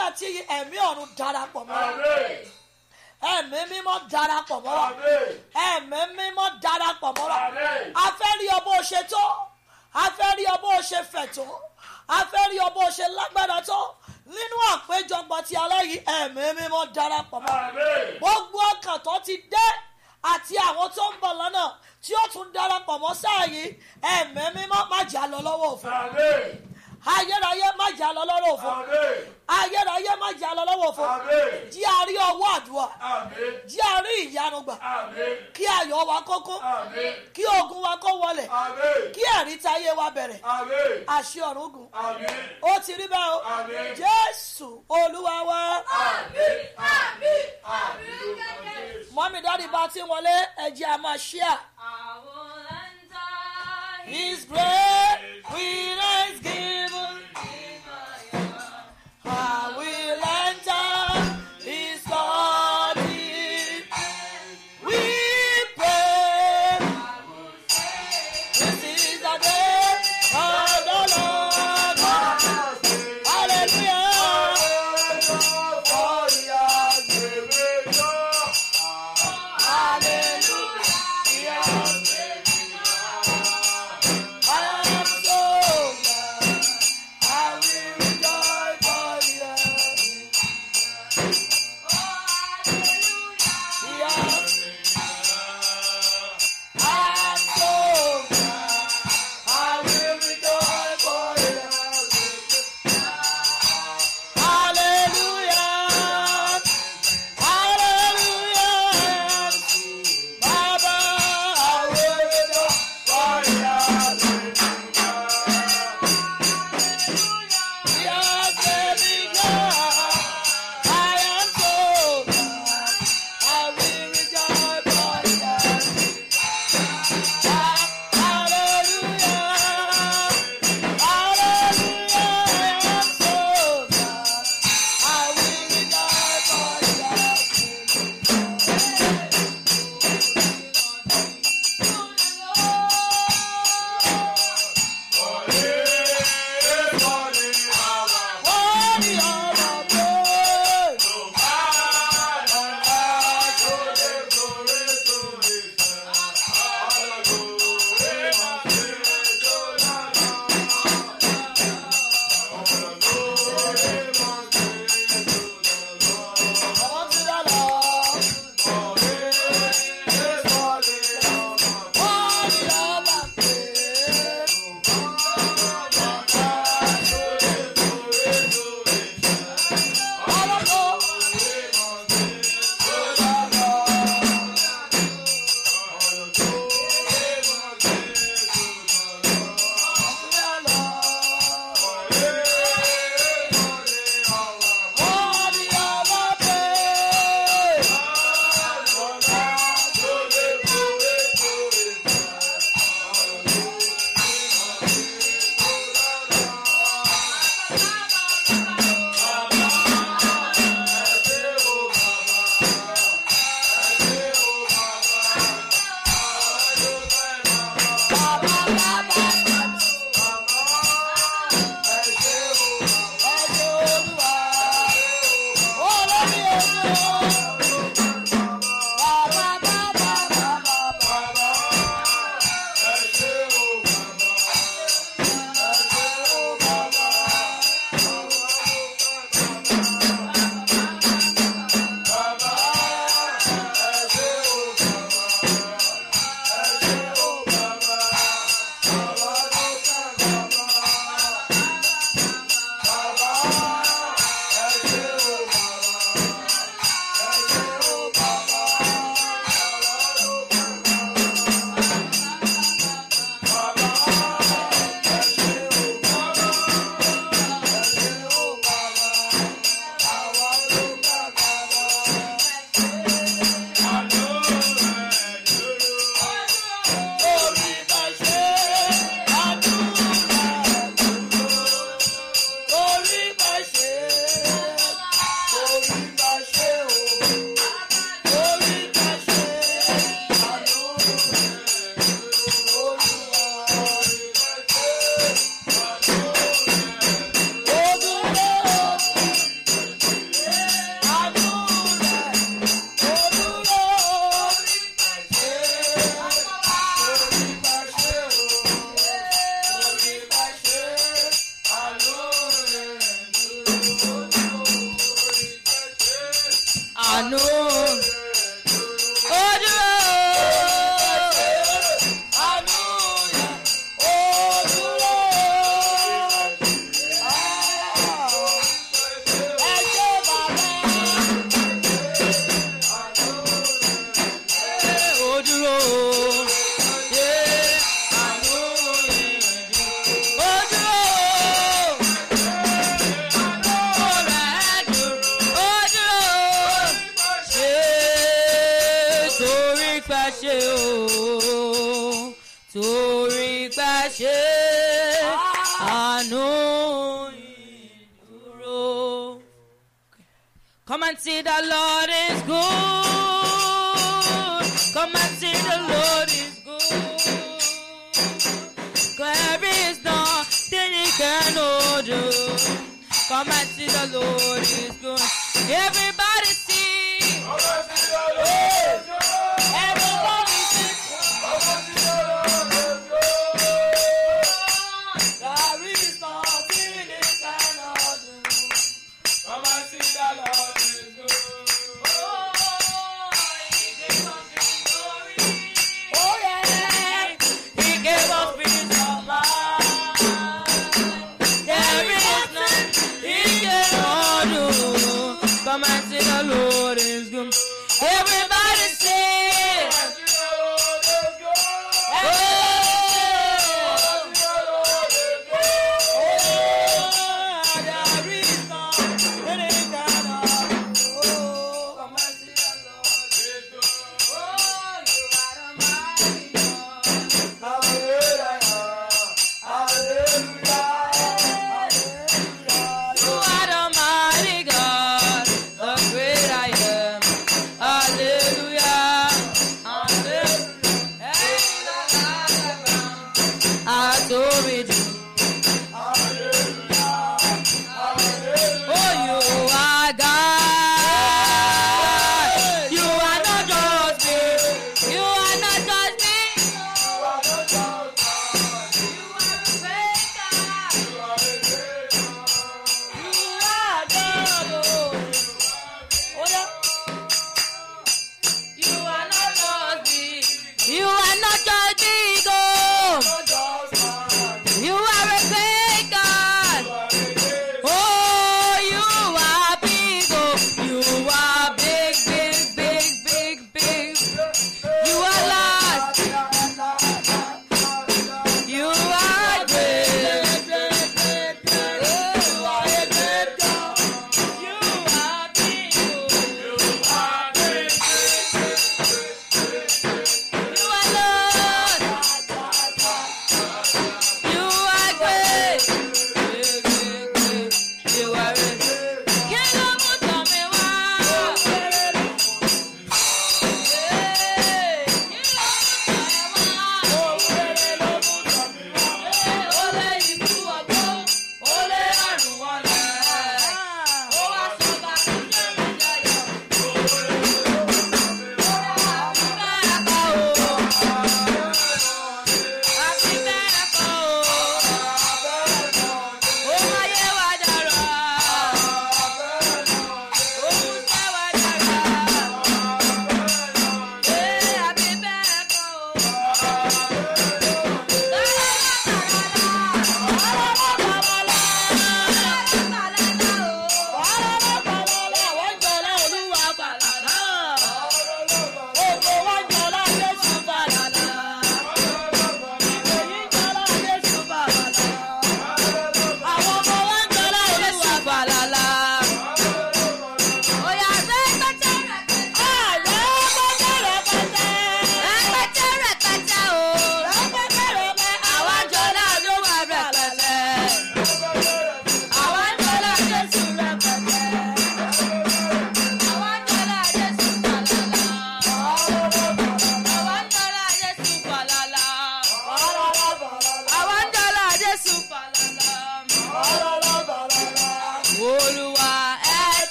nígbà tí ẹ̀mí ọ̀run darapọ̀ mọ́ ẹ̀mí mímọ́ darapọ̀ mọ́ wa ẹ̀mí mímọ́ darapọ̀ mọ́ wa a fẹ́ rí ọ bó ṣe tó a fẹ́ rí ọ bó ṣe fẹ̀ tó a fẹ́ rí ọ bó ṣe lágbára tó nínú àpéjọpọ̀ ti alẹ́ yìí ẹ̀mí mímọ́ darapọ̀ mọ́ gbogbo ọkàn tó ti dé àti àwọn tó ń bọ̀ lọ́nà tí ó tún darapọ̀ mọ́ sáà ẹ̀mí mímọ́ má lọ lọ́wọ́ òfin ayérayé má jà lọ lọ́rọ̀ òfò ayérayé má jà lọ lọ́wọ́ òfò jí a rí ọwọ́ àdúrà jí a rí ìyanu gbà kí ayọ̀ wa kókó kí ogun wa kó wọlẹ̀ kí ẹ̀rí tayé wa bẹ̀rẹ̀ àṣẹ ọ̀run gùn ó ti rí bẹ́ẹ̀ o jésù olúwa wa mọ́mí dáàdi bá ti wọlé ẹ̀jẹ̀ àmọ́ ṣíà. is great. We is I will. see the Lord is good. Come and see the Lord is good. There is nothing he cannot do. Come and see the Lord is good. Everybody.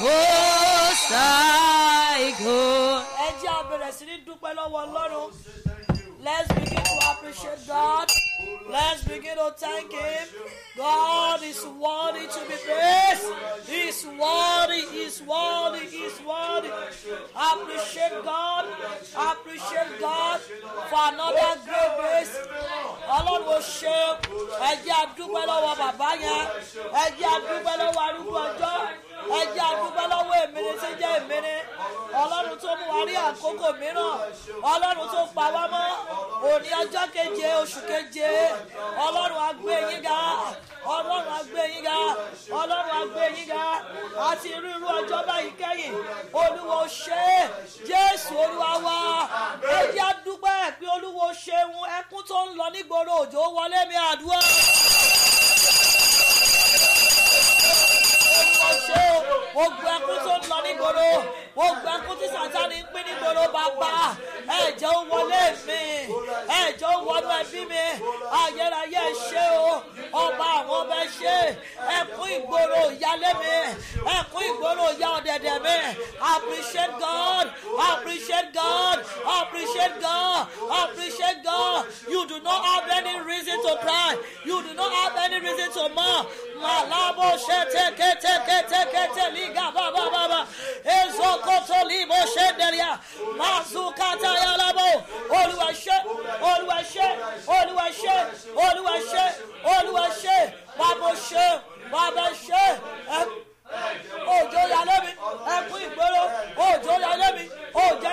Ọlọ́run. Let's begin to appreciate God. Let's begin to thank Him. God is worthy to be praised. He's worthy, He's worthy, He's worthy. Appreciate God. Appreciate God for another great grace. Ọlọ́run ò to ẹjẹ́ our lọ́wọ́ bàbá yẹn. Ẹjẹ́ to lọ́wọ́ our ọjọ́. ẹ jẹ́ àdúgbò lọ́wọ́ èmìrì tí jẹ́ èmìrì ọlọ́run tó mú wa rí àkókò mìíràn ọlọ́run tó pa wá mọ́ òní ọjọ́ keje oṣù keje ọlọ́run á gbé yín ga ọlọ́run á gbé yín ga ọlọ́run á gbé yín ga àti irú irú ọjọ́ báyìí kẹ́yìn olúwo ṣe jésù olúwa wa ẹ jẹ́ àdúgbò pé olúwo ṣeun ẹkún tó ń lọ nígboro òjò wọlé mi àdúrà. ṣe o gbogbo ẹkún tó ń lọ nígboro gbogbo ẹkún tí sàtánì ń pín nígboro bàbá ẹ̀jẹ̀ ó wọlé mi ẹ̀jẹ̀ ó wọnú ẹbí mi ayérayé ṣe o ọba àwọn ọba ṣe ẹkún ìgboro ìyálé mi ẹkún ìgboro ìyá ọ̀dẹ̀dẹ̀ mi appreciate God appreciate God appreciate God appreciate God you do not have any reason to cry you do not have any reason to mourn malabo ṣe tẹkẹtẹkẹtẹkẹtẹ liga bàbà bàbà ezokoto libo ṣe dẹrẹ mazukata. ayálàbọ̀ olúwa ṣe olúwa ṣe olúwa ṣe olúwa ṣe olúwa ṣe bàbá ṣe bàbá ṣe òjò yálé mi ẹkú ìgboro òjò yálé mi òjò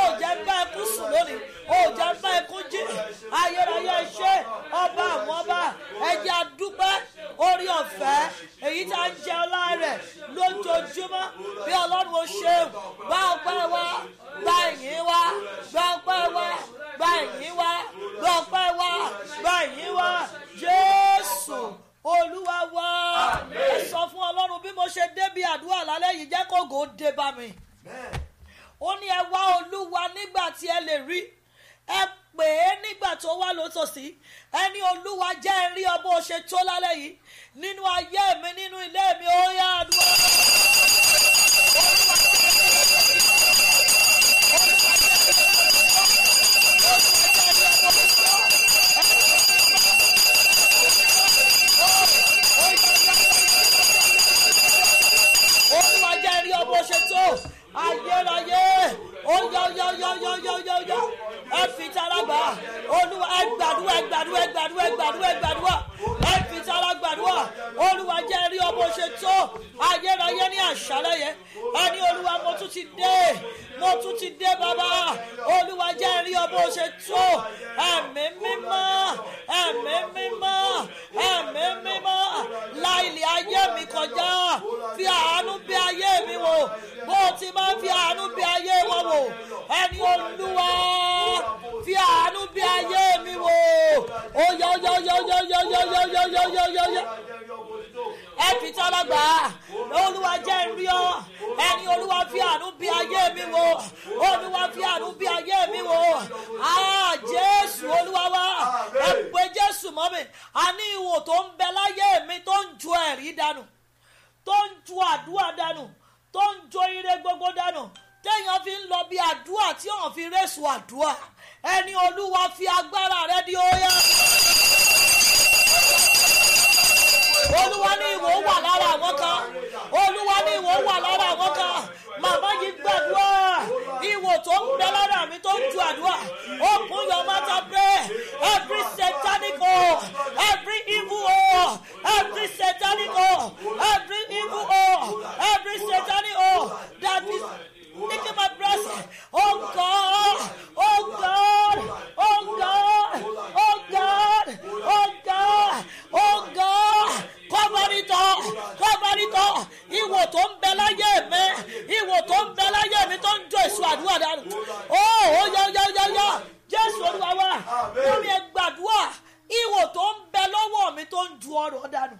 òjò bá ẹkú sùn lónìí òjò bá ẹkú jí ayérayé ṣe ọba àwọn ọba ẹjẹ àdúpẹ́ orí ọ̀fẹ́ èyí tá a jẹ ọlá rẹ̀ lójoojúmọ́ bí ọlọ́run ó ṣe kógo dé bá mi ó ní ẹ wá olúwa nígbà tí ẹ lè rí ẹ pè é nígbà tó wà lótòsí ẹ ní olúwa jẹ́ ẹ rí ọmọ ṣe tó lálẹ́ yìí nínú ayé mi nínú ilé mi ó yá àdúrà olúwa jẹ́. jésù ayérayé ó yá yá yá yá yá yá yá ẹ fi tara gbà olúwa ẹ gbàdúrà ẹ gbàdúrà ẹ gbàdúrà ẹ gbàdúrà ẹ gbàdúrà ẹ tara gbàdúrà olúwa jẹ́ rí ọmọ ṣe tó ayérayé ní àṣálẹ́ yẹn a ní olúwa mo tún ti dé mo tún ti dé bàbá olúwa jẹ́ rí ọmọ ṣe tó ẹ̀mí mímọ́ ẹ̀mí mímọ́ ẹ̀mí mímọ́ láìlì ayé mi kọjá fi àánú bí ayé mi wò bó ti máa fi àánú bí ayé wọn wò ẹni olúwa fi àánú bí ayé mi wò ó yọ yọ yọ yọ yọ yọ yọ yọ yọ yọ yọ ẹ fi tọ́lọ́gbà olúwa jẹ́ rí ọ ẹni olúwa fi àánú bí ayé mi wò olúwa fi àánú bí ayé mi wò ah jésù olúwa wa ẹ pé jésù mọ́ mi a ní ìwò tó ń bẹ láyé mi tó ń ju ẹ̀rí dànù tó ń ju àdúrà dànù tó ń ju ire gbogbo dànù téèyàn fi ń lọ bí àdúrà tí òun fi rẹ́sù àdúrà ẹni olúwa fi agbára rẹ di óyá. olúwa ní ìwò wà lára àwọn kan olúwa ní ìwò wà lára àwọn kan màmá yìí gbàdúrà ìwò tó ń bẹ lára mi tó ń ju àdúrà open your mouth and pray every satanic hole every evil hole every satanic hole every evil hole every satanic hole that is. Look at my brother. Oh God. Oh God. Oh God. Oh God. Oh God. Oh God. Cover it all. Cover it all. Ìwọ tó ń bẹ láyé mi. Ìwọ tó ń bẹ láyé mi tó ń jó èso àdúrà dànù. Ó ó yọ yọ yọ yọ. Jésù Olúwa wa. Lórí ẹgbàdúrà. Ìwọ tó ń bẹ lọ́wọ́ mi tó ń ju ọ̀rọ̀ dànù.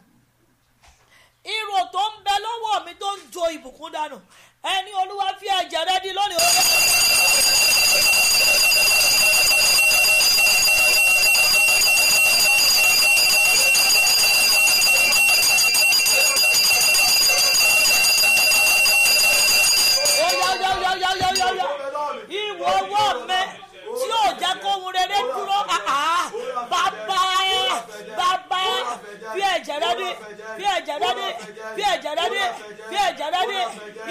Ìwọ tó ń bẹ lọ́wọ́ mi tó ń jo ìbùkún dànù ẹni olúwa fi ẹ̀jẹ̀ rẹ di lónìí. Fear ẹ̀jẹ̀ fear dé fear ẹ̀jẹ̀ fear dé fi ẹ̀jẹ̀ rẹ dé fi ẹ̀jẹ̀ rẹ dé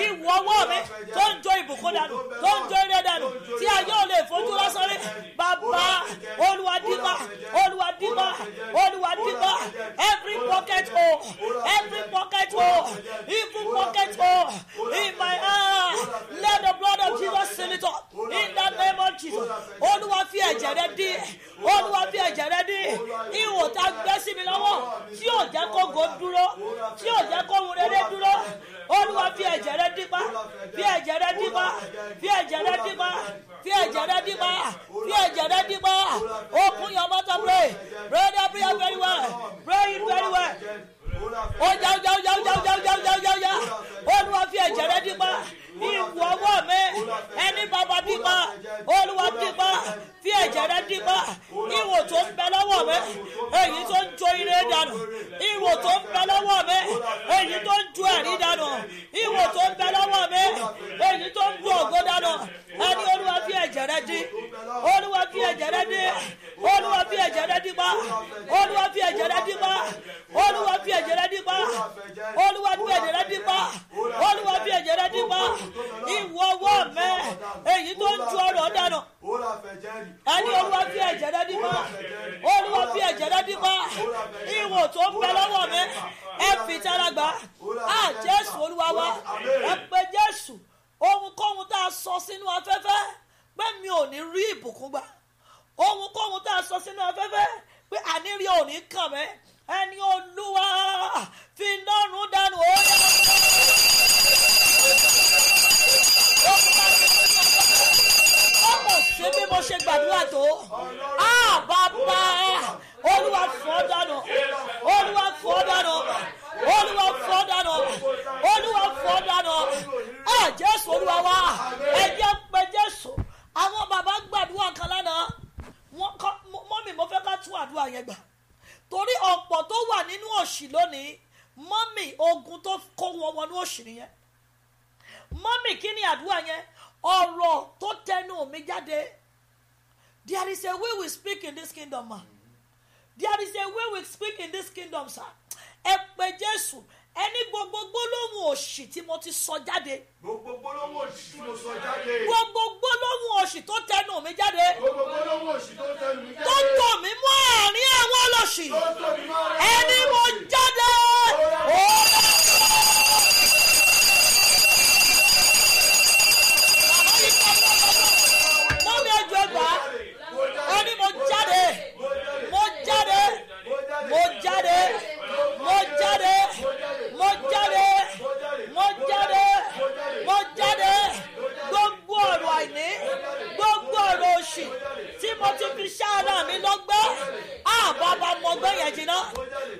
ìwọ ọwọ́ mi tó ń jó ìbùkún dànù tó ń jó eré dànù tí a yóò lè fojú lọ́sọ̀ rí bàbá olùwàdìbà olùwàdìbà olùwàdìbà every pocket hole every pocket hole even pocket hole in my heart let the blood of Jesus seal it up in the name of Jesus olùwà fi ẹ̀jẹ̀ olúwa fi ẹ̀jẹ̀ rẹ dín ihò tá a gbé sí mi lọ́wọ́ tí ò jẹ́ kó go dúró tí ò jẹ́ kó ohun rere dúró olúwa fi ẹ̀jẹ̀ rẹ dín pa fi ẹ̀jẹ̀ rẹ dín fi ẹ̀jẹ̀ rẹ dín fi ẹ̀jẹ̀ rẹ dín fi ẹ̀jẹ̀ rẹ dín pa open your mouth and prayer very well pray it very well ó jáwó jáwó jáwó jáwó jáwó jáwó jáwó olúwa fi ẹ̀jẹ̀ rẹ dín pa ní okùn ọwọ́ mi ẹni bàbá dìbà olúwa dìbà fi ẹ̀jẹ̀ rẹ dìbà ìwò tó ń bẹ lọ́wọ́ mi èyí tó ń jo ire dànù ìwò tó ń bẹ lọ́wọ́ mi èyí tó ń ju ẹ̀rí dànù ìwò tó ń bẹ lọ́wọ́ mi èyí tó ń bu ògo dànù ẹni olúwa fi ẹ̀jẹ̀ rẹ dì olúwa fi ẹ̀jẹ̀ rẹ dì olúwa fi ẹ̀jẹ̀ rẹ dìbà olúwa fi ẹ̀jẹ̀ rẹ dìbà olúwa fi ẹ̀jẹ̀ rẹ dìbà olúwa fi ẹ̀jẹ̀ rẹ dìbà olúwa fi ẹ̀jẹ̀ rẹ dìbà ìwọ ọwọ́ mẹ́ èyí tó ń ju ọrọ̀ dànù ẹni olúwa fi ẹ̀jẹ̀ dẹ́bí pa olúwa fi ẹ̀jẹ̀ dẹ́bí pa ìwọ tó ń bẹ lọ́wọ́ mẹ́ ẹ fi tẹ́lá gbà á jésù olúwa wa ẹ pé jésù ohunkóhun tá a sọ sínú afẹ́fẹ́ pé mi ò ní rí ìbùkún gbà ohunkóhun tá a sọ sínú afẹ́fẹ́ pé àníri ò ní kàn mẹ́ ẹni olúwa fi lọ́rùn dànù ó yẹ kó. ṣe bí mo ṣe gbàdúrà tó ah, bàbá olúwa fọ́ dànù olúwa fọ́ dànù olúwa fọ́ dànù olúwa fọ́ dànù ẹ jésù olúwa wa ẹ jẹ́ pé jésù àwọn bàbá gbàdúrà kan lánàá mọ́mì mo fẹ́ ká tún àdúrà yẹn gbà torí ọ̀pọ̀ tó wà nínú òṣì lónìí mọ́mì ogun tó kó wọn wọnú òṣì nìyẹn mọ́mì kí ni àdúrà yẹn ọ̀rọ̀ tó tẹnu mi jáde there is a way we speak in this kingdom ma there is a way we speak in this kingdom sa ẹ pé jésù ẹni gbogbo gbólóhùn òṣì tí mo ti sọ jáde. gbogbo gbólóhùn òṣì tí mo sọ jáde. gbogbo gbólóhùn òṣì tó tẹnu mi jáde. gbogbo gbólóhùn òṣì tó tẹnu mi jáde. tó tò mí mọ́ àárín àwọn ọlọ́ṣì. tó tò mí mọ́ àárín àwọn ọlọ́ṣì. ẹni mo jáde. ó rà mí. jésù tí ah, mo ti fi ṣáàrà mi lọ́gbọ́ àbọ̀ bá mọ yẹn jìnnà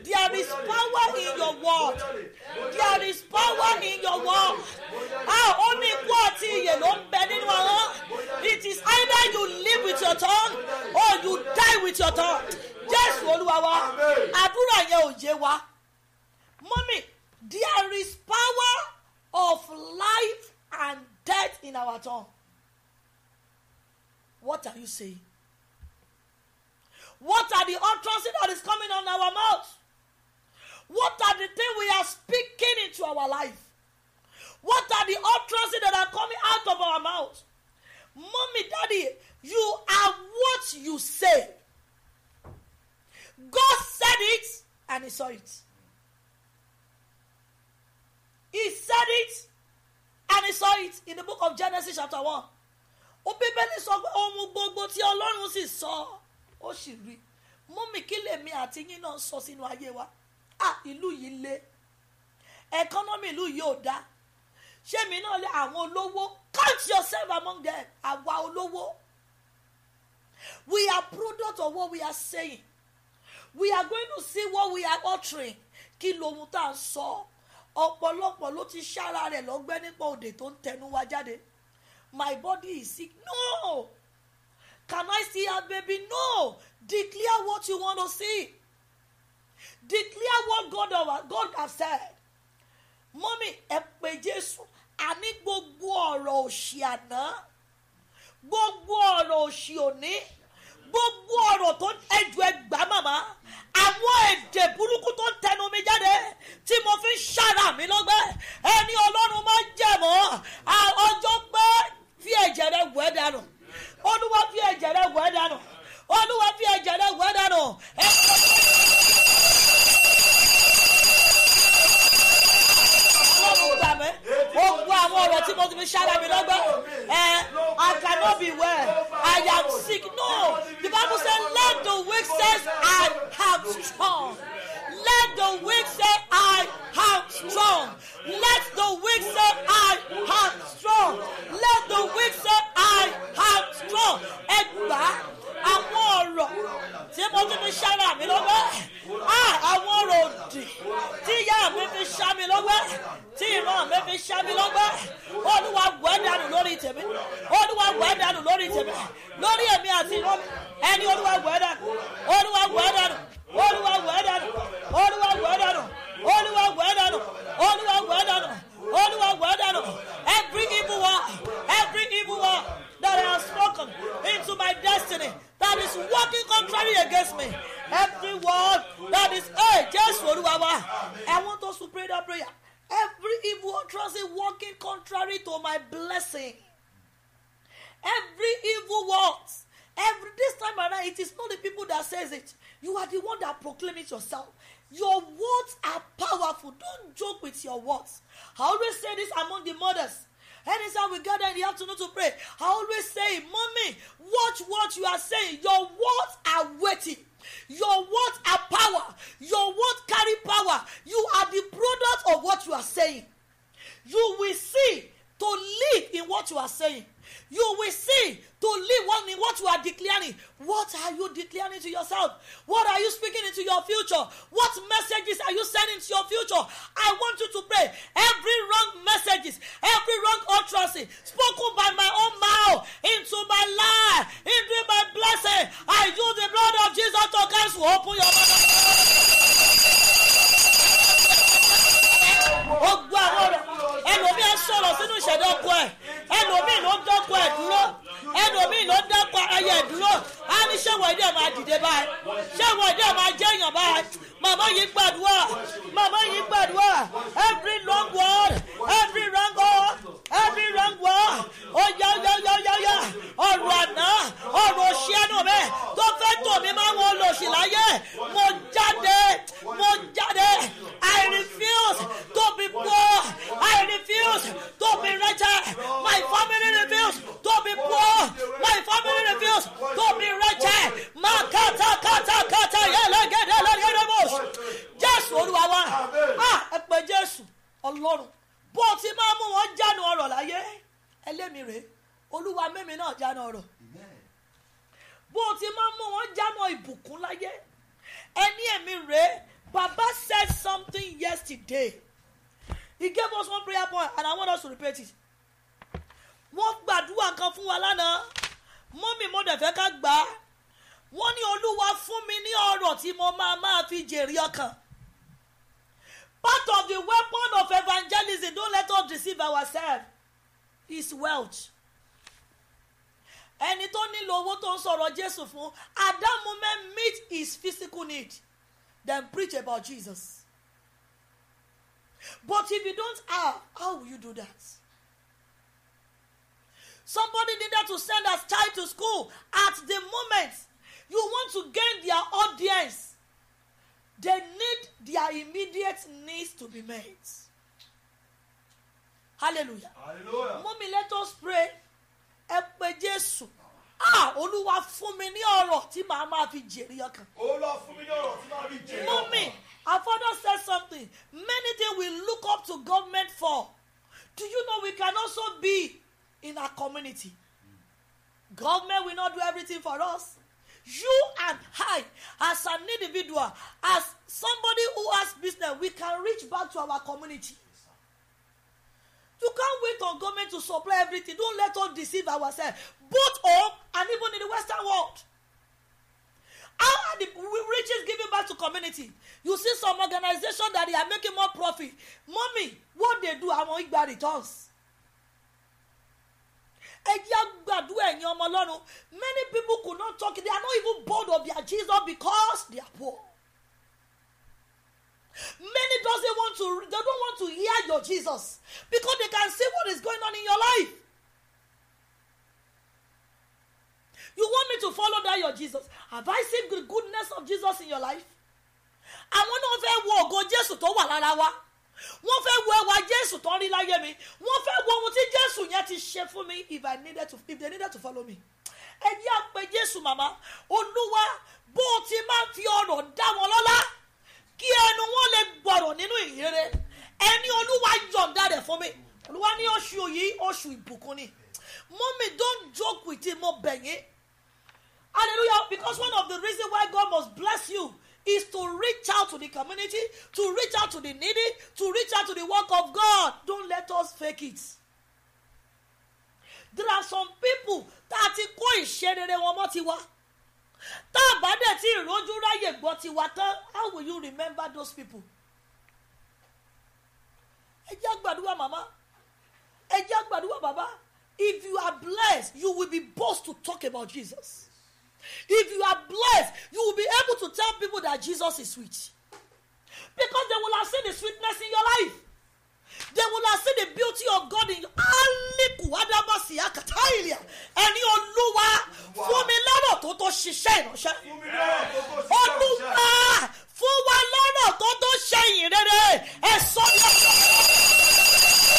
there is power in your word there is power in your word a ah, ó ní ikú àti ìyè ló ń bẹ nínú ọ̀rọ̀ it is either you live with your tongue or you die with your tongue jésù olúwa wa àdúrà yẹn ò yé wa mọ́mí there is power of life and death in our tongue. What are you saying? What are the utterances that is coming on our mouth? What are the things we are speaking into our life? What are the utterances that are coming out of our mouth? Mommy, daddy, you are what you say. God said it and he saw it. He said it and he saw it in the book of Genesis, chapter 1 ó bíbélì sọ pé ohun gbogbo tí ọlọ́run sì sọ ó sì rí mú mi kí lèmi àti yín náà sọ sínú ayé wa à ìlú yìí le ẹkọ́nọ́mì ìlú yìí ò dáa ṣé mi náà lé àwọn olówó count yourself among them àwa olówó we are product of what we are saying we are going to see what we are uttering kí lohun tá a sọ ọ̀pọ̀lọpọ̀ ló ti ṣára rẹ̀ lọ́gbẹ́ nípa òde tó ń tẹnu wa jáde my body is sick no can i see her baby no declare what you want to see declare what god our god has said Mommy, ẹ pé jésù àní gbogbo ọ̀rọ̀ òṣì àná gbogbo ọ̀rọ̀ òṣì òní gbogbo ọ̀rọ̀ tó ẹjọ́ ẹgbàá màmá àwọn èdè burúkú tó ń tẹnu mi jáde tí mo fi ń ṣàrà mi lọ́gbẹ́ ẹni ọlọ́run máa ń jẹ̀mọ́ ọjọ́ pẹ́ fi ẹ̀jẹ̀ rẹ wẹ̀ dànù olúwa fi ẹ̀jẹ̀ rẹ wẹ̀ dànù olúwa fi ẹ̀jẹ̀ rẹ wẹ̀ dànù. ogun àwọn ọ̀rọ̀ tí mo ti fi ṣára mi lọ́gbọ́ ẹ i cannot be well i am sick no the bible say let the weak says i have strong. Let the weak say, I am strong. Let the weak say, I am strong. Let the weak say, I am strong. Ẹgbà àwọn ọ̀rọ̀ tí mo tún fi ṣára mi lọ́wọ́. À àwọn ọ̀rọ̀ òdì tí ìyá mi fi ṣá mi lọ́wọ́. Tí ìran mi fi ṣá mi lọ́wọ́. Olúwa wẹ̀ dànù lórí tèmi. Olúwa wẹ̀ dànù lórí tèmi. Lórí èmi àti ìran mi. Ẹni olúwa wẹ̀ dànù. Olúwa wẹ̀ dànù. olúwa wẹ̀ dànù olúwa wẹ̀ dànù olúwa wẹ̀ dànù olúwa. láyé ẹni èmi rèé Baba said something yesterday he gave us one prayer point and I want us to repeat it wọ́n gbàdúrà kan fún wa lánàá mọ́mì mo dẹ̀ fẹ́ ká gbà á wọ́n ní olúwa fún mi ní ọ̀rọ̀ tí mo máa máa fi jèrè ọkàn part of the weapon of evangelism don't let us deceive ourselves is wealth ẹni tó nílò owó tó ń sọ̀rọ̀ jésù fún at that moment meet his physical need then preach about jesus but if you don't have how will you do that somebody needed to send their child to school at the moment you want to gain their audience they need their immediate needs to be met hallelujah, hallelujah. mommy let us pray ẹ pé jésù ah olúwa fún mi ní ọ̀rọ̀ tí màá máa fi jèrè ọkàn. olúwa fún mi ní ọ̀rọ̀ tí màá fi jèrè ọkàn. mú mi I said something many things we look up to government for do you know we can also be in our community government will not do everything for us you and I as an individual as somebody who has business we can reach back to our community. You can't wait on government to supply everything. Don't let us deceive ourselves, both home and even in the Western world. How are the riches given back to community? You see some organization that they are making more profit. Mommy, what they do, I want igba returns. ẹ jẹ́ gbàdúrà ẹ̀yin ọmọ ọlọ́run many people could not talk they are not even bold of their Jesus because they are poor. Many doesn't want to, they don't want to hear your Jesus because they can see what is going on in your life. You want me to follow that your Jesus? Have I seen the goodness of Jesus in your life? Àwọn náà fẹ́ wo ògo Jésù tó wà lára wa. Wọ́n fẹ́ wo ẹwà Jésù tó ń rí láyé mi. Wọ́n fẹ́ wo ohun tí Jésù yẹn ti ṣe fún mi if I needed to if they needed to follow me. Ẹ jẹ́ àpè Jésù màmá, Olúwa bó o ti máa ń fi ọ̀rọ̀ dá wọn lọ́lá kí ẹnu wọn lè gbọ̀rọ̀ nínú ìhéré ẹni olúwa yọ̀ǹda rẹ̀ fún mi olúwa ní oṣù yìí oṣù ìbùkún ni mummy don't joke with him mo bẹ̀ yín hallelujah because one of the reasons why God must bless you is to reach out to the community to reach out to the needy to reach out to the work of God don't let us fake it there are some people tá a ti kó ìṣerere wọn mọ́ ti wá tá a bá dẹ̀ tí ìrójú ráyè gbọ́ ti wá tán how will you remember those people? ẹ jẹ́ àgbàdúrà màmá ẹ jẹ́ àgbàdúrà bàbá if you are blessed you will be bold to talk about Jesus if you are blessed you will be able to tell people that Jesus is sweet because they will have seen the sweetness in your life they will have seen the beauty of God in you. Aliku Adamasi Akatailia. Ẹni olúwa fún mi lọ́rọ̀ tó tó ṣiṣẹ́ ìránṣẹ́. Olúwa fún wa lọ́rọ̀ tó tó ṣe ìrere. Ẹ ní ọ̀sán.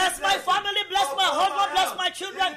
Bless my family, bless my husband, bless my children.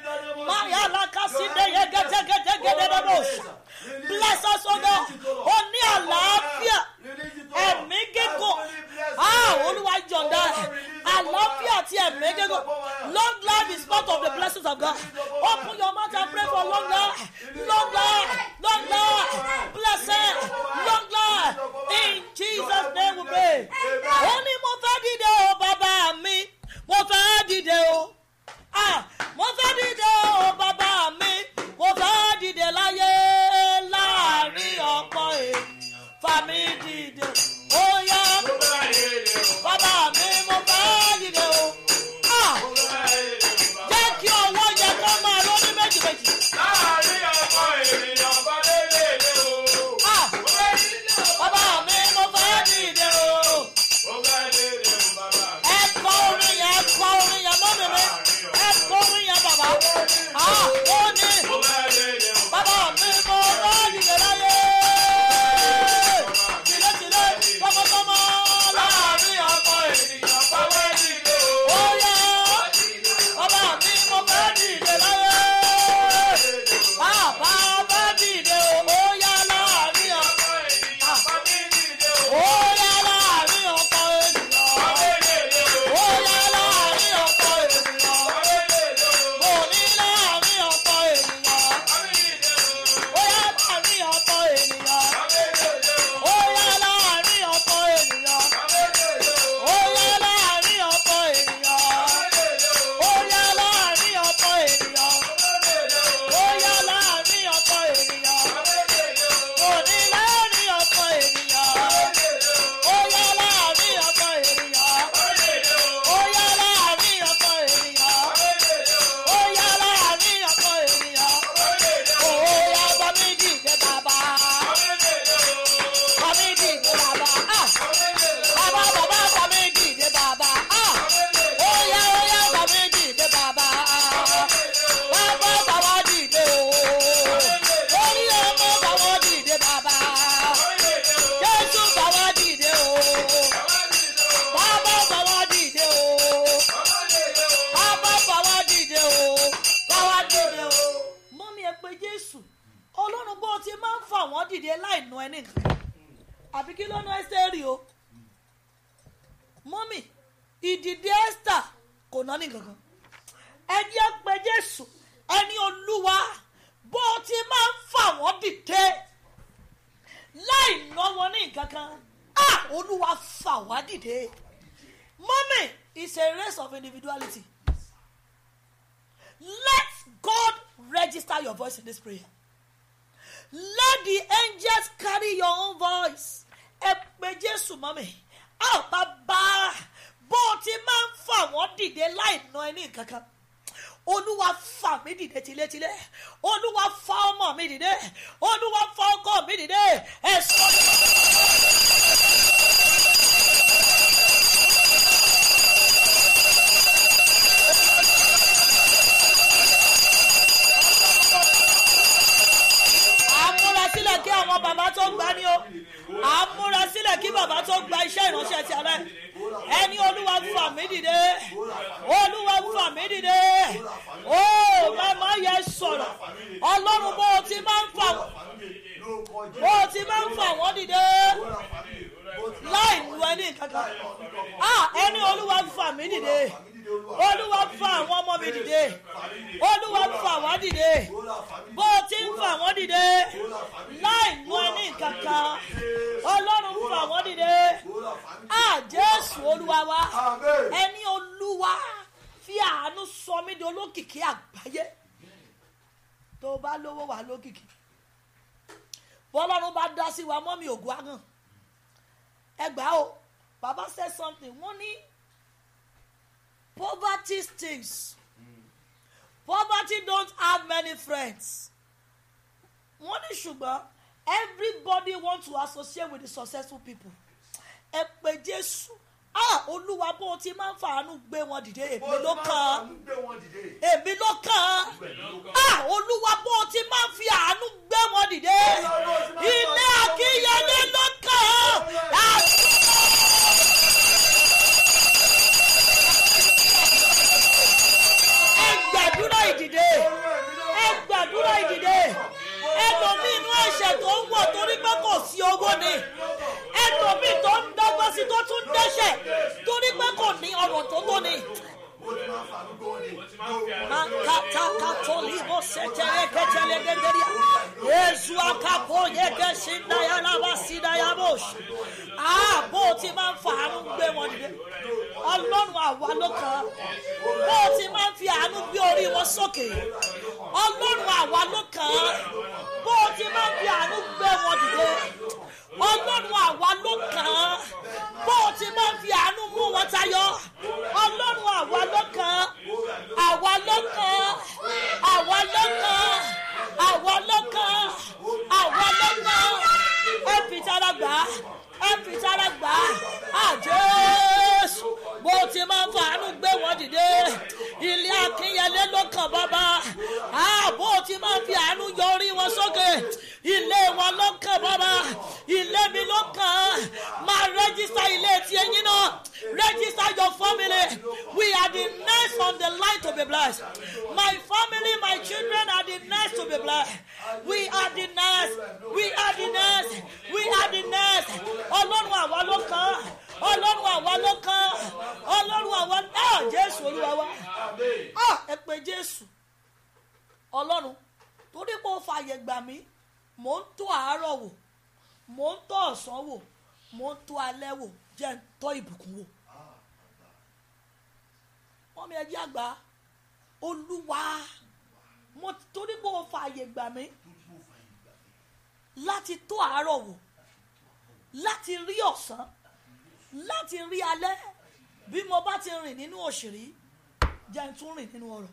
rìn nínú ọ̀rọ̀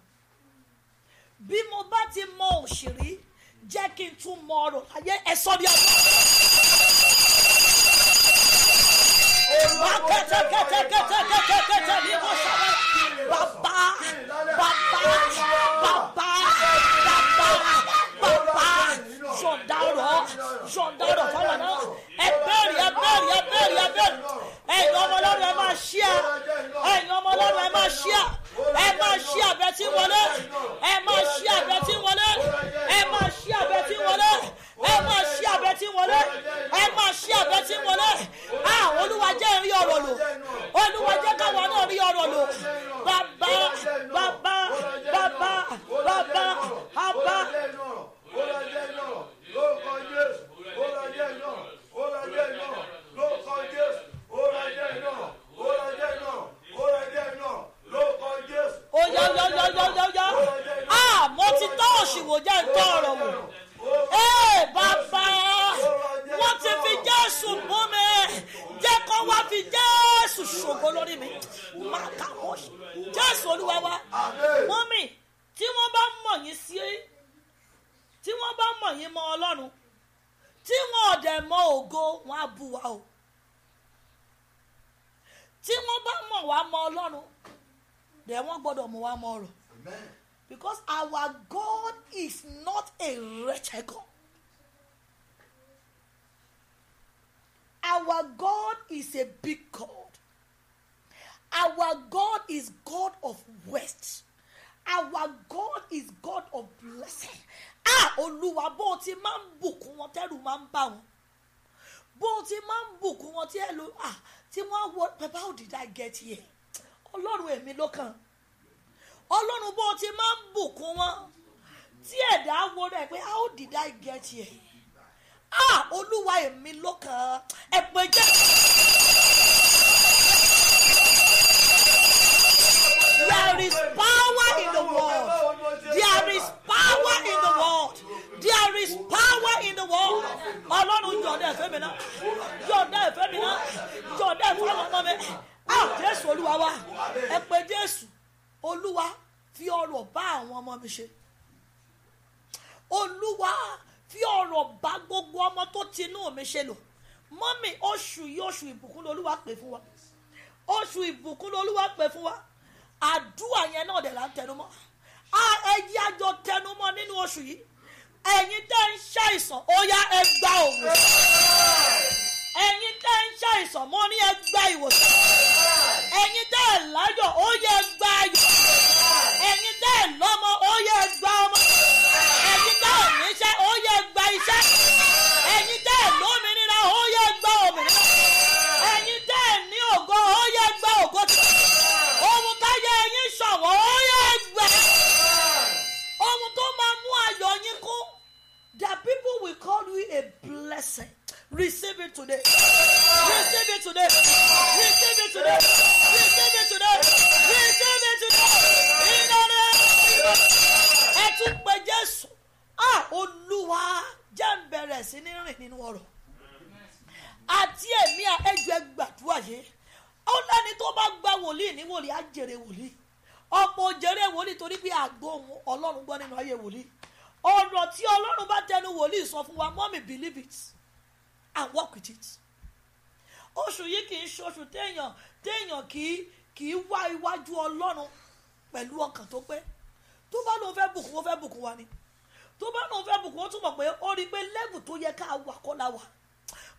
bí mo bá ti mọ òṣèré jẹ́ kí n tún mọ ọ̀rọ̀ láyé ẹ̀sọ́ bí ọ̀rọ̀. tiẹ̀ ọlọ́run ẹ̀mí lọ́kàn ọlọ́run bó ti máa ń bùkún wọn tí ẹ̀dá wo rẹ̀ pé how did I get here ah olúwa ẹ̀mí lọ́kàn ẹ̀pẹ̀ jẹ́. There is power in the world. There is power in the world. There is power in the world. Ọlọ́run jọ̀dá ẹ̀fẹ́ mi náà. Jọ̀dá ẹ̀fẹ́ mi náà. Jọ̀dá ẹ̀fẹ́ ọmọ mi a ò jésù olúwa wa ẹ pé jésù olúwa fi ọ̀rọ̀ bá àwọn ọmọ mi ṣe olúwa fi ọ̀rọ̀ bá gbogbo ọmọ tó ti inú mi ṣe lò mọ́mì oṣù yìí oṣù ìbùkún lolúwa pè fún wa oṣù ìbùkún lolúwa pè fún wa àdúrà yẹn náà dẹ̀ là ń tẹnumọ́ ẹyí àjọ tẹnumọ́ nínú oṣù yìí ẹ̀yin tẹ́ ń ṣàìsàn ó yá ẹ òwò ẹ̀yin tẹ́ ń ṣàìsàn mo ní ẹ gba ìwòsàn ẹ̀yin tẹ́ ẹ̀ láyọ̀ ó yẹ gba ayọ̀ ẹ̀yin tẹ́ ẹ̀ lọ́mọ ó yẹ gba ọmọ ẹ̀yin tẹ́ ẹ̀ níṣẹ́ ó yẹ gba iṣẹ́ ẹ̀yin tẹ́ ẹ̀ lómìnira ó yẹ gba òmìnira ẹ̀yin tẹ́ ẹ̀ ní ògo ó yẹ gba ògo tó ohun táyé ẹ̀yin ṣọ̀wọ́ ó yẹ gbẹ ohun tó máa mú ayọ̀ yín kú the people will call you a blessing. Receive it today. Receive it today. Receive it today. Receive it today. Receive it today. Ìlànà ẹ tún pè Jésù. Ah Olúwa jẹ́ ń bẹ̀rẹ̀ sí ní rìn nínú ọ̀rọ̀. Àti èmi ẹjọ́ ẹ gbàdúrà yìí. Ó lẹ́ni tó bá gba wòlíì ní wòlíì á jèrè wòlíì. Ọ̀pọ̀ òjèrè wòlíì torí pé àgbo ohun Ọlọ́run gbọ́ nínú ayé wòlíì. Ọ̀rọ̀ tí Ọlọ́run bá tẹnu wòlíì sọ fún wa, mọ́mì believe it and work with it oṣù yìí kì í ṣe oṣù téèyàn téèyàn kì í kì í wá iwájú ọlọ́run pẹ̀lú ọkàn tó pé tó bá lóun fẹ́ bùkún ó fẹ́ bùkún wa ni tó bá lóun fẹ́ bùkún ó túmọ̀ pé ó rí i pé lẹ́bù tó yẹ ká wà kọ́ la wà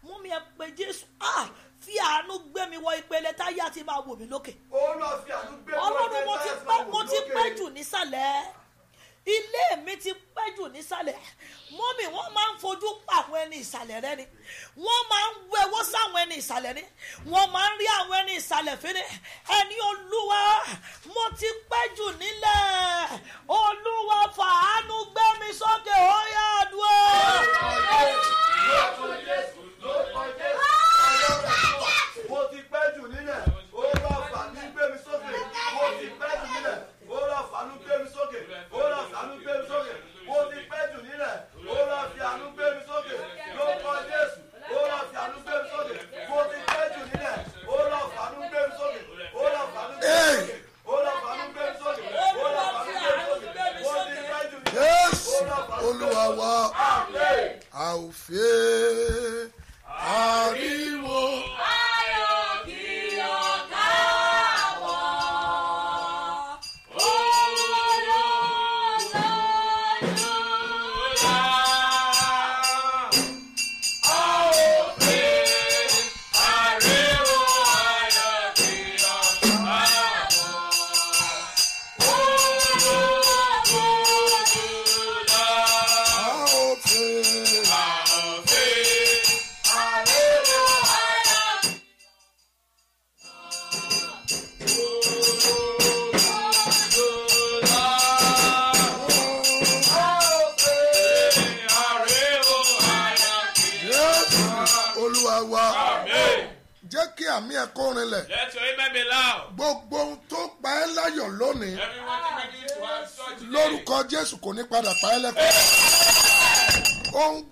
mú mi ẹ pé jésù ah fi àánú gbé mi wọ ìpele táyà ti máa wò mí lókè ọlọ́run mo ti pẹ́ mo ti pẹ́ jù nísàlẹ̀ ilé mi ti pẹ́ jù nísàlẹ̀ mọ́mì wọ́n máa ẹni ìsàlẹ̀ rẹ ni wọ́n máa ń wẹwó sáwọn ẹni ìsàlẹ̀ ni wọ́n máa ń rí àwọn ẹni ìsàlẹ̀ fínni ẹni olúwa mo ti pẹ́ jù nílẹ̀ olúwa fàánú gbé sókè ó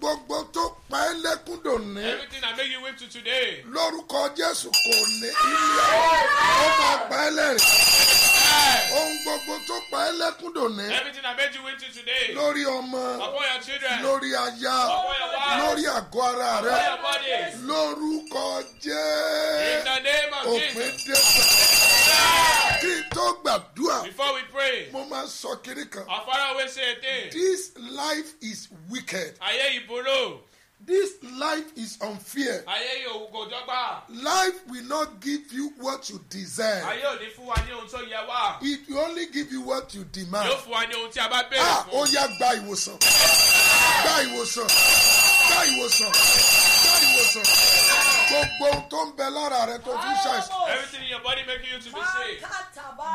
gbogbo tó pa ẹ́ lẹ́kún dòní. everything I make you wait till today. lórúkọ Jésù kò ní ilé ó máa pa ẹ́ lẹ́rìn ohun gbogbo tó pa ẹ́ lẹ́kún dòní. everything I made you win till today. lórí ọmọ upon your children. lórí aya upon your wife. lórí àgọ́ ara rẹ. upon your body. lórúkọ jẹ́. in the name of Jesus. òpin dé sọ. Kí n tó gbàdúrà. Before we pray. Mo máa sọ kiri kan. Our father always say a thing. This life is wicked. Ayé ìbúrò. This life is unfair. Ayé yóò wù kò dọ́gba. Life will not give you what you desire. Ayé ò fún wa ní ohun tó yẹ wá. It will only give you what you demand. Yóò fún wa ní ohun tí a bá béèrè ah, fún. Ah! Ó yá gba ìwòsàn. Gba ìwòsàn. Gba ìwòsàn. Gba ìwòsàn. Gbogbo tó ń bẹ lára rẹ tó fi ṣàìsàn. Everything in your body making you to be sick.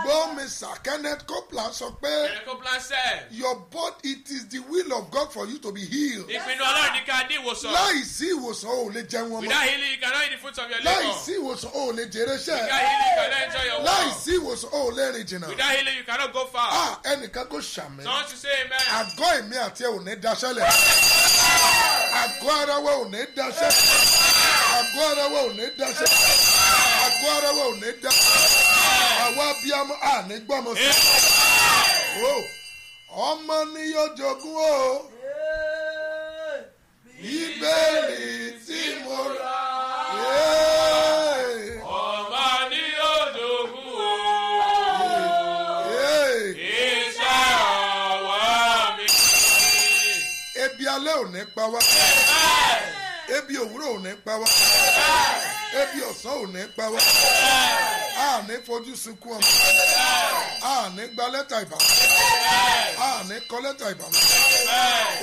Gbọ́ mi sà Kenneth Copeland sọ pé. Kenneth Copeland said. Your body it is the will of God for you to be healed. Ìpinnu Ọlọ́run ní ìwòsàn ìwòsàn. láìsí ìwòsàn o ò lè jẹun ọmọ. without healing you cannot eat the fruits of your labour. láìsí ìwòsàn o ò lè jèrè iṣẹ́. without healing you cannot enjoy your work. láìsí ìwòsàn o ò lè rìn jìnnà. without healing you cannot go far. ah ẹnìkan kò ṣàmì. someone to say amen. àgọ́ èmi àti ẹ̀ ò ní daṣẹ́lẹ̀. àgọ́ ara wa ò ní daṣẹ́lẹ̀. àgọ́ ara wa ò ní daṣẹ́lẹ̀. àgọ́ ara wa ò ní daṣẹ́lẹ̀. àwa abiyamọ àní gbọ́mọ sí. Oh, ọmọ ni yóò jogún o ìbéèrè tí mo rà. ọba ní òdòkú o iṣẹ́ ọwọ́ mi. ebi alẹ́ ò ní pa wá. ebi òwúrọ̀ ò pa wá ebi ọ̀sán ò ní pa wá a ní fojú sunkún ọmọ a ní gba lẹ́tà ìbàmọ́ a ní kọ lẹ́tà ìbàmọ́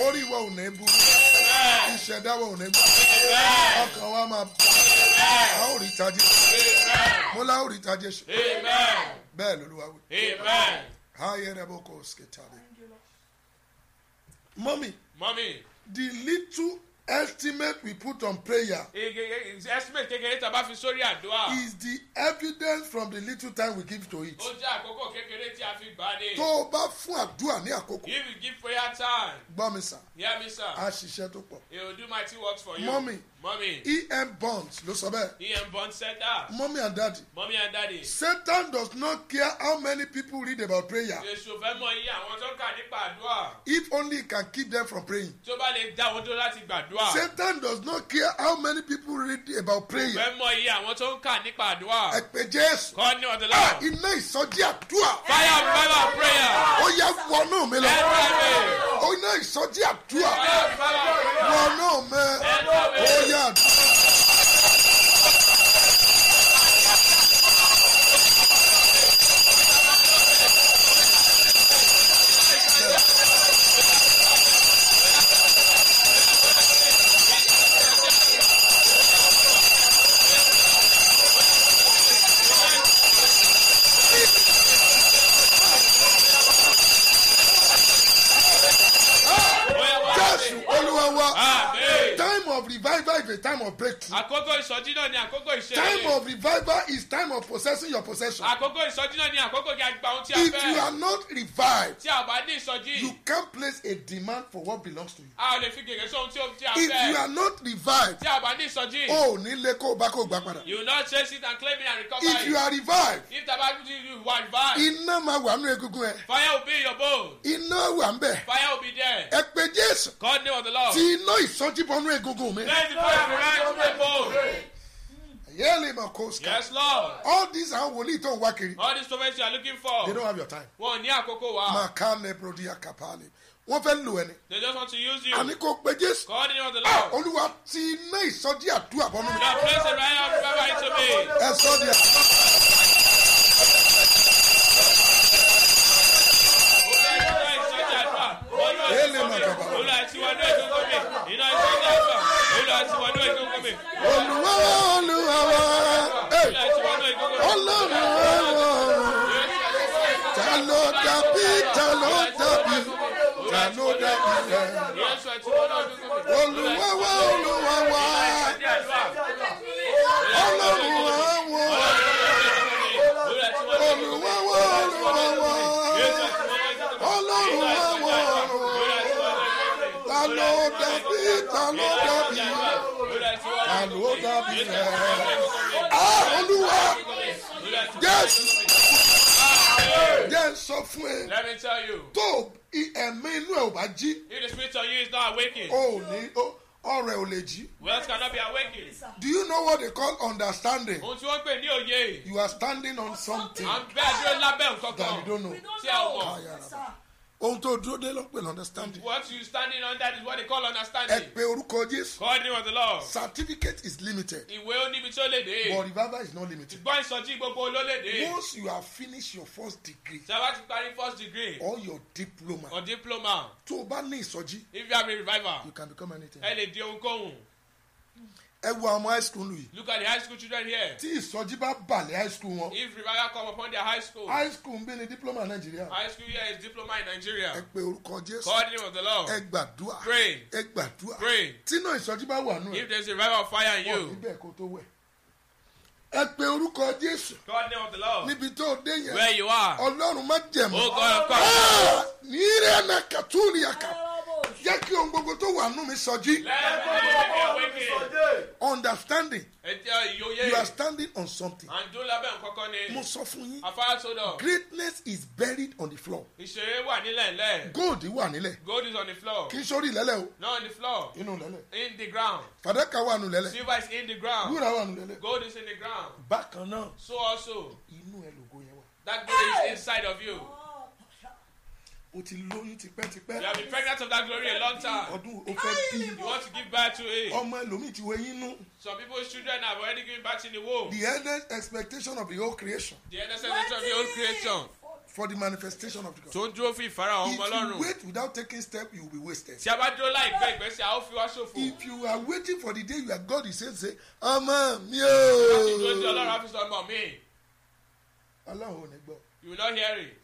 orí wa ò ní burú ìṣẹ̀dá wa ò ní gbà ọkàn wa máa bá a ó rí tajé mo lá ó rí tajé ṣe bẹ́ẹ̀ lolúwa wí. ayẹrẹ bó kọ òsìkè tàbí. mọ́mì. mọ́mì. the little estimate we put on prayer. estimate kékeré tàbá fi sórí àdúrà. is the evidence from the little time we give to it. ó jẹ́ àkókò kékeré tí a fi gbà ní. tó o bá fún àdúrà ní àkókò. if you give prayer time. gbọ́ mi sà. hear me sir. a ṣiṣẹ́ tó pọ̀. it will do my thing works for you. mọ́mì. Mommy. E.M. Bonds ló sọ bẹ́ẹ̀. E.M. Bonds said that. Mommy and daddy. Mommy and daddy. Satan does not care how many people read about prayer. Èso fẹ́ mọ iye àwọn tó kà nípa àdúrà. If only he can keep them from praying. Tó bá lè dá wọn tó láti gbàdúrà. Satan does not care how many people read about prayer. Fẹ́ mọ iye àwọn tó ń kà nípa àdúrà. Ẹ pé Jésù. Kọ́ ní ọ̀dọ̀ láwọn. Ah iná ìsọjí àdúrà. Fire and fire prayer. Ó yẹ wọnú mi lọ. Ẹ̀rọ mi. Ó iná ìsọjí àdúrà. Fire and fire prayer. Wọnú mi. Ẹ̀rọ mi. Zion a time of breakthrough. àkókò ìsọjí náà ni àkókò ìṣe. time of revival is time of possessing your possession. àkókò ìsọjí náà ni àkókò kí a gba ohun tí a fẹ́. if you are not revived. tí a bá ní ìsọjí. you can place a demand for what belongs to you. a lè fi gègé sí tí ó if you are not revived. oh, ní ìsọjí. o ò ní lé kó padà. you will not chase it and claim it and recover if it. if you are revived. if taba you were revived. iná máa wà nínú egungun ẹ. fire will be in your bone. iná wà ń bẹ̀. fire will be there. ẹ pé jésù. God name of the lord. ti iná ìsọjí bọ́ nínú egungun mi. let the fire rise from the bone. Yẹ́lẹ̀ Yes lord. All these are wòlíì tó ń wá All these prophets you are looking for. They don't have your time. Wọ́n ní àkókò wa. Màkà lẹ́bùrọ̀dì àkàpàlẹ̀. wọ́n fẹ́ lò ẹni. they just want to use you. àní kò pé jésù. call the name of the ah, lord. olúwa ti iná ìsọjí àdúrà bọ́nú mi. your place is right out baba into me. ẹ sọ di àná. Let me tell you. Dope ẹ̀mí inú ẹ̀ ò bá jí. if the spirit of you is not awakened. o ní o ọrẹ ò lè jí. wealth cannot be awakened. do you know what they call understanding. ohun tí wọ́n pè ní òye. you are standing on something. à ń bẹ́ẹ̀ dúró lábẹ́ nǹkan that you don't know. tí ẹ wọ̀. ohun tó dúró dé ló pè understanding. what you standing under is what they call understanding. ẹ pe orúkọ jésù. call name of the lord. certificate is limited. ìwé oníbití ó lè dé. but revival is not limited. ìgbọ́n ìsọjí gbogbo ló lè dé. once you have finished your first degree. ṣé wàá ti parí first degree. or your diploma. or diploma. tó o bá ní ìsọjí. if you have a revival. you can become anything. ẹ lè di ohunkóhun ẹ wo àwọn high school yìí. look at the high school children here. tí ìsọjí bá balẹ̀ high school wọn. if revival come upon their high school. high school ń bí ni diploma nigeria. high school here is diploma in nigeria. ẹ pe orúkọ jésù. call the name of the lord. ẹ gbàdúrà. pray ẹ gbàdúrà. pray tínú ìsọjí bá wà nù. if there is a revival fire in you. wọ́n níbẹ̀ kó tó wẹ̀ ẹ pe orúkọ jésù níbi tó o dé yẹn ọlọ́run má jẹ̀mọ́ oh ah! ní rẹ̀ nà kàtúrì àkàtà jẹ́ kí ohun gbogbo tó wà nù mí sọjí. understanding you are standing on something. àǹdó lábẹ́ nǹkankan ni. mo sọ fún yín. afárasodọ. greatness is buried on the floor. ìṣeré wà nílẹ̀ nílẹ̀. gold wà nílẹ̀. gold is on the floor. kì í sórí ìlẹ́lẹ̀ o. no on the floor. inú ìlẹ́lẹ̀. in the ground. fàdákà wà nù lẹ́lẹ̀. silver is in the ground. wúrà wà nù lẹ́lẹ̀. gold is in the ground. bákan náà. so also. inú ẹ̀ lògo yẹn wà. that gold is inside of you. Oh. o ti lóyún tipẹ́tipẹ́. you have been pregnant of that glory a long time. ọdún o fẹ́ bí. you want to give birth to a. ọmọ ẹlòmíì ti wo eyín nú. some people's children have already given birth in the womb. the earnest expectation of the whole creation. the earnest expectation of the whole creation. for the manifestation of the God. tó ń dúró fún ìfarahàn ọmọ ọlọ́run. if you wait without taking step you will be wasted. tí a bá dúró láìpẹ́ ìgbésẹ̀ a ó fi wá ṣòfò. if you are waiting for the day you are God he say say ọmọ mi ooo. láti dúró sí ọlọ́run á ọmọ mi. ọlọ́run ní gbọ́. you will not hear it.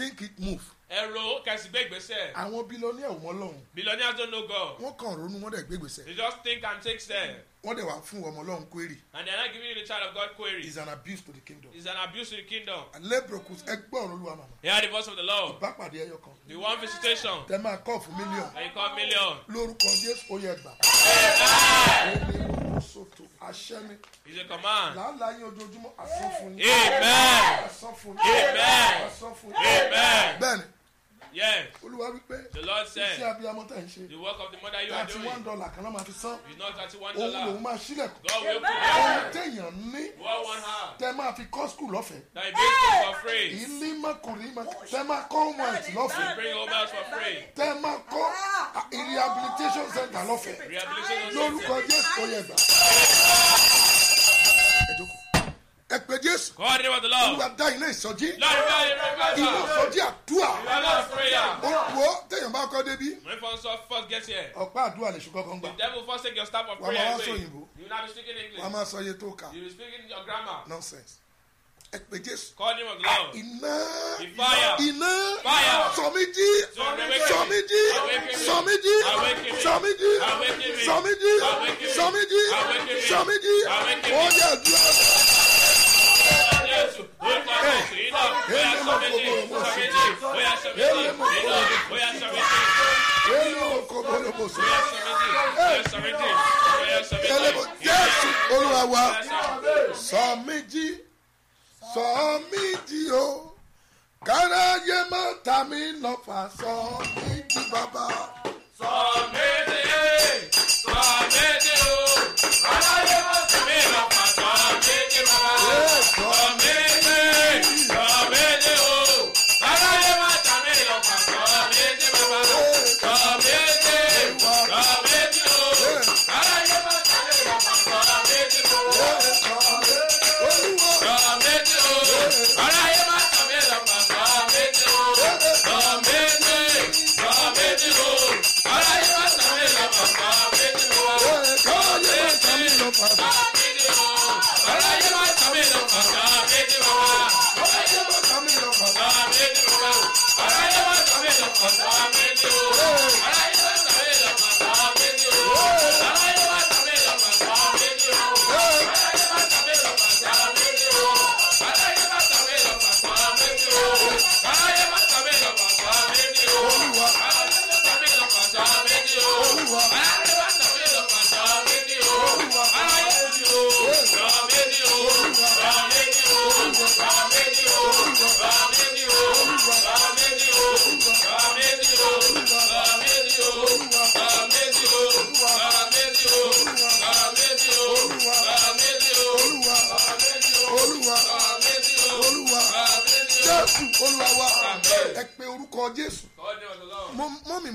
think it move. ẹ̀rọ kẹ̀sì gbé ìgbésẹ̀. àwọn bílọ́ní ẹ̀ wọ́n lọ́hùn. bílọ́ní àti onogo. wọ́n kàn ronú wọ́n dẹ̀ gbé ìgbésẹ̀. they just think and take step. wọ́n dẹ̀ wá fún ọmọ ọlọ́run query. and they are not giving you the child of God query. is an abuse to the kingdom. is an abuse to the kingdom. lebrokus ẹgbẹ́ ọ̀rọ̀ olúwa màmá. hear the voice of the lord. ìbápàdé ẹyọ kan. the one visitation. tẹ máa kọ́ fún million. and you call million. lórúkọ jésù ó yẹ gbà. ẹ ẹ ẹ ẹ ẹ àṣẹ ni. It's a command. làálà ojoojúmọ́ àsọfún amen. àsọfún amen. àsọfún amen. bẹ́ẹ̀ni. Yes. Olúwa wípé. The Lord said. Iṣẹ́ abiyamọ tẹ̀ ń ṣe. The work of the mother you are doing. Thirty one dollar kan náà máa fi san. You know thirty one dollar. Òun lòun máa sílẹ̀. God will put it. Ohun téèyàn ní. What one half. Tẹ máa fi kọ́ school lọ́fẹ̀ẹ́. That you bring school for free. Ilé mọ́kùnrin ma. Oh, tẹ máa kọ́ home health lọ́fẹ̀ẹ́. You Tẹ máa kọ́ ah! rehabilitation center lọ́fẹ̀ẹ́. Rehabilitation center. Lórúkọ Jésù kò yẹ gbà pe jésù. God name of the Lord. olúwa dá ilé ìsọjí. Lord dá ilé ìsọjí. ilé ìsọjí àdúrà. Lord prayer. ó wo téèyàn bá kọ́ débi. when first of first get here. ọ̀pá àdúrà lè ṣùgbọ́n kan gbà. the devil first take your staff of prayer away. wàá máa sọ òyìnbó. you na be speaking English. wàá máa sọ iye tó kà. you be speaking your grammar. nonsense ẹ pè jésù. call him of the lord. Ah, iná iná sọmídì sọmídì sọmídì sọmídì sọmídì sọmídì sọmídì ó yẹ dúró. Jésù orúkọ Jésù iná bóyá sọ méjì sọ méjì bóyá sọ méjì iná bóyá sọ méjì. Jésù olúwa wa sọ méjì sọ méjì o káráyé má ta mí lọ́fà sọ méjì bàbá. Sọ méjì. Para llevar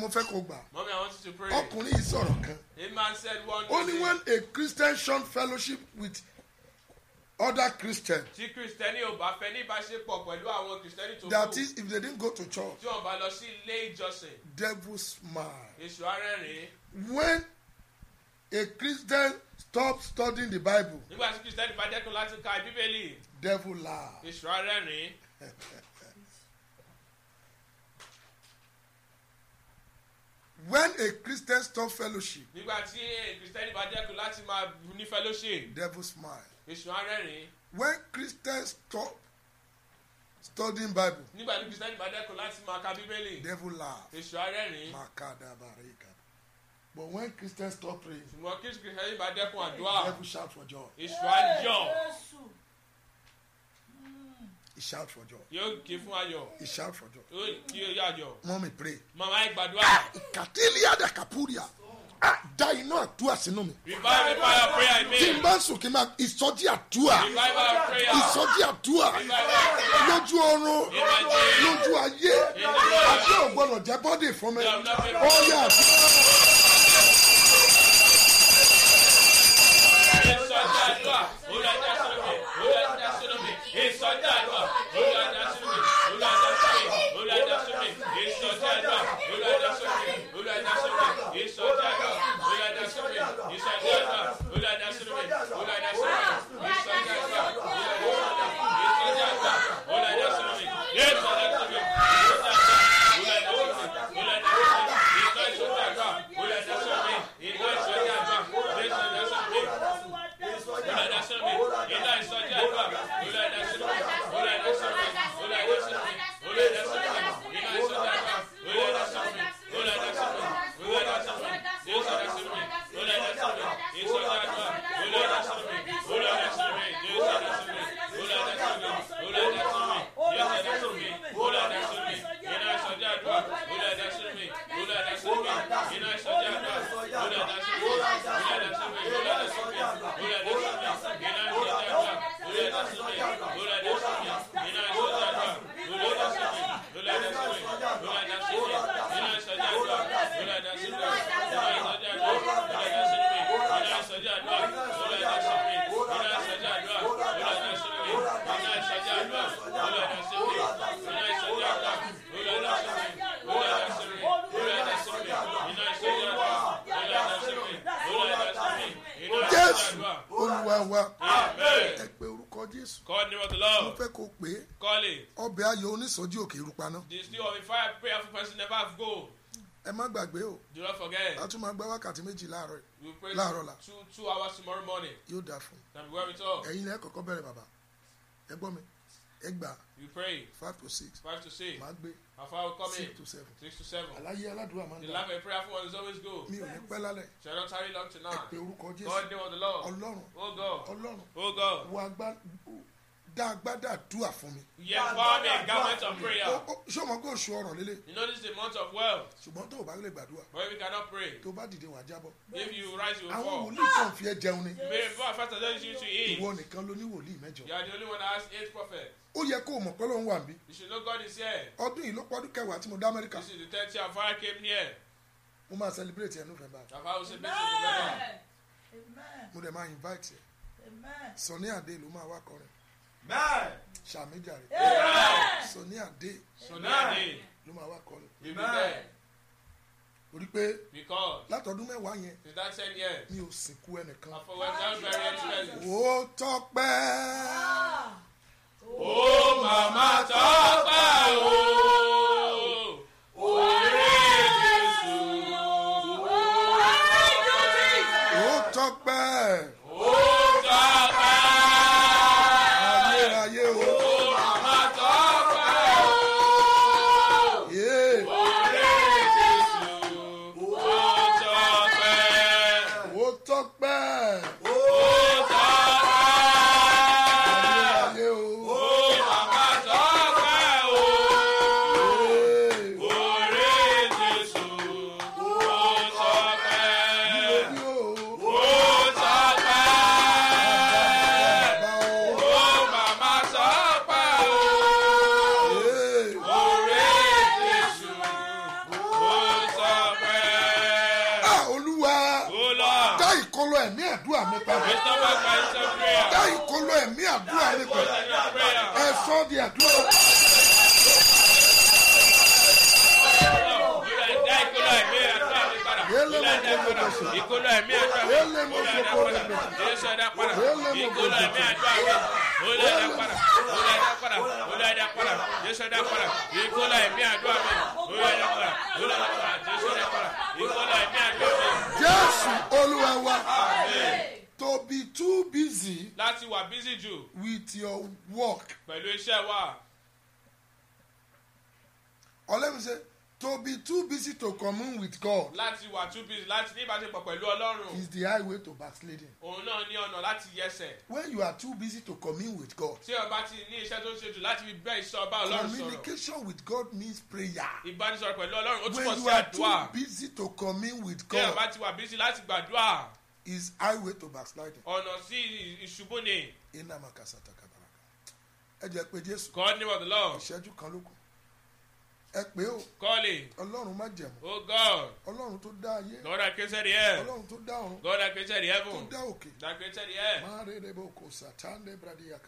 mo fẹ́ kó gbà. mọ́mí i want you to pray. ọkùnrin yìí sọ̀rọ̀ kan. a said one day. only when a christian shun fellowship with other christian. tí kristẹni ò bá fẹ́ ní ìbáṣepọ̀ pẹ̀lú àwọn kristẹni tó kù. that is if they didn't go to church. tí wọn bá lọ sí ilé ìjọsìn. devil smile. èso arẹ́rìn. when a christian stop studying the bible. nígbà tí kristẹni bá dẹ́kun láti ka bíbélì. devil laugh. èso arẹ́rìn. when a christian stop fellowship. nígbà tí kristẹni bá dẹ́kun láti máa ní fellowship. devil smile. èsùn arẹ́rìn. when Christian stop studying bible. nígbà tí kristẹni bá dẹ́kun láti máa ka bíbélì. devil laugh. èsùn arẹ́rìn. makada barika. but when Christian stop praying. ṣùgbọ́n kí kristẹni bá dẹ́kun àdúrà. devil shout for joy. èsùn àjọ. He shout for joy. Yóò ké fún ayọ̀. He shout for joy. Yóò ké ayọ̀. Mọ́mi pray. Mama ẹ gbàdúrà. Kàtílíà dà kàpúrìà. Da iná àdúrà sínú mi. Revive prayer fire prayer mi. Tí n bá ń sùn kí n máa ìsọjí àdúrà. Revive our prayer. Ìsọjí àdúrà. Lójú oorun. Lójú ayé. Àdúrà ò gbọ́dọ̀ jẹ́ bọ́dì fún mi. Ó yà àdúrà. jésù olúwa wa ẹ pé orúkọ jésù mo fẹ́ kó pé ọbẹ̀ ayọ̀ onísọjí òkè ìrúpa náà. the steel of a fire prayerful person never have go ẹ má gbàgbé o. do not forget. a tún máa gbá wákàtí méjì láàárọ̀ yìí. we pray láàárọ̀ la. two two hours tomorrow morning. yóò dáa fún. tàbí wẹ́rẹ́ tó. ẹ̀yin náà kọ́kọ́ bẹ̀rẹ̀ bàbá ẹ gbọ́ mi ẹgbà. you pray. five to six. five to six. máa gbé. my father will come six in. six to seven. six to seven. àlàyé aládùúrà máa ń dá. the life of a prayer for is always go. mi ò ní pẹ́ lálẹ́. shall not tarry long tonight. ẹ pé orúkọ jésù. God name of the Lord. ọlọ́run. oh God. ọlọ́run. oh God. wọ agbá dá agbádá àdúrà fún mi. yẹ wọ́n ní garment of prayer. ṣé o mọ̀ pé oṣù ọ̀rọ̀ lélẹ̀. you know this is a month of wealth. ṣùgbọ́n tó o bá lè gbàdúrà. but if you cannot pray. tó o bá dìde wà jábọ̀. if you rise you fall. àwọn wòlíì kan fi ẹ jẹun ni. mary bá a fẹ́ta lọ́dún you to eat. ìwọ nìkan ló ní wòlíì mẹ́jọ. you are the only one that has eight prophets. ó yẹ kó o mọ̀ pé lóun wà níbí. you should know God is here. ọdún yìí ló pọ́dún kẹwàá tí mo dá Amẹ́ríkà. this is the third year before I came here. mo máa celebrate ẹnu fẹ́ báyìí. bàbá o ṣe bí ṣe bí invite ẹ. sọ ní àdé ló máa wá kọrin. Amen. Sàmì jàre. Amen. Sọ̀ní àdé. Sọ̀ní Ló máa wá kọ́ni. Orí pé látọdún mẹ́wàá yẹn mi ò sìnkú ẹnìkan. Ó tọ́pẹ́. Ah. Ó màmá tọ́pẹ́ o. sọpẹ́. àdúrà yìí pẹ̀lú ẹ sọ di àdúrà. ìkolo ẹ̀mí àdúrà mi ìkolo ẹ̀mí àdúrà mi ìkolo ẹ̀mí àdúrà mi olè dà padà olè dà padà olè dà padà jésù dà padà ìkolo ẹ̀mí àdúrà mi olè dà padà olè dà padà jésù dà padà ìkolo ẹ̀mí àdúrà mi. jésù olúwa wa to be too busy. láti wà busy jù. with your work. pẹ̀lú iṣẹ́ wa. or let me say to be too busy to commune with God. láti wà too busy láti ní ìbáṣepọ̀ pẹ̀lú ọlọ́run. is the highway to backsliding. òun náà ní ọ̀nà láti yẹsẹ̀. when you are too busy to commune with God. tí ọba ti ní iṣẹ́ tó ń ṣe jù láti fi bẹ́ iṣẹ́ ọba ọlọ́run sọ̀rọ̀. communication with God means prayer. ìbánisọ̀rọ̀ pẹ̀lú ọlọ́run ó túbọ̀ sí àdúrà. when you are too busy to commune with God. tí ọba ti wà busy láti gbàdúrà is highway to backsliding. ọ̀nà sí ìṣubú ni. iná máa kà sàtà kàbàràkà. ẹ jẹ́ pé jésù. God name of the Lord. ìṣẹ́jú kan ló kù. ẹ pé o. kọ́ọ̀lì. ọlọ́run má jẹ̀mú. o oh God. ọlọ́run tó dá ayé. God that created the earth. ọlọ́run tó dá ọ̀run. God that created the heaven. tó dá òkè. that created the earth. máa rere bó kò sàtà ní bradiya